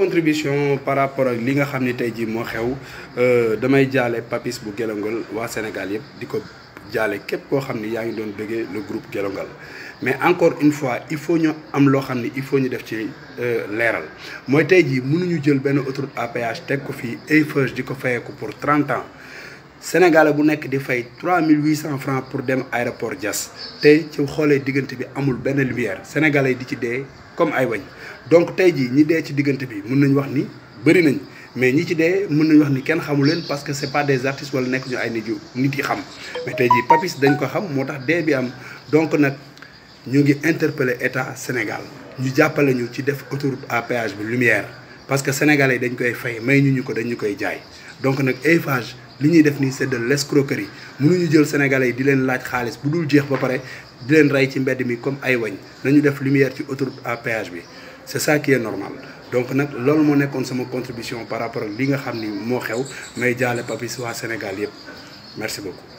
contribution par rapport ak li nga xam ni tey jii moo xew euh, damay jaale papis bu gelongal waa Sénégal yëpp di ko jaale képp koo xam ni yaa ngi doon bëggee le groupe gelongal mais encore une fois il faut ñu am loo xam ni il faut ñu def ci euh, leeral mooy tey jii mënuñu jël benn autoroute à teg ko fii Eiffage di ko ko pour 30 ans Sénégalais bu nekk di fay 3800 francs pour dem aéroport Diass tey ci xoolee diggante bi amul benn lumière sénégalais yi di ci dee comme ay wañ donc tey jii ñi dee ci diggante bi mun nañu wax ni bari nañ mais ñi ci dee mën nañu wax ni kenn xamu leen parce que c'est pas des artistes wala nekk ñu ay nit yu nit yi xam tey jii Papis dañ ko xam moo tax dee bi am donc nag ñu ngi interpeller état Sénégal ñu jàppale ñu ci def autoroute à péage bi lumière. parce que sénégalais dañ koy fay may ñu ñu ko dañu koy jaay donc nag Eiffage li ñuy def nii c'est de l'escroquerie mënuñu jël sénégalais yi di leen laaj xaalis bu dul jeex ba pare di leen rey ci mbedd mi comme ay wañ nañu def lumière ci autoroute à bi c'est ça qui est normal donc nag loolu moo nekkoon sama contribution par rapport ak li nga xam ni moo xew may jaale papis waa Sénégal yëpp merci beaucoup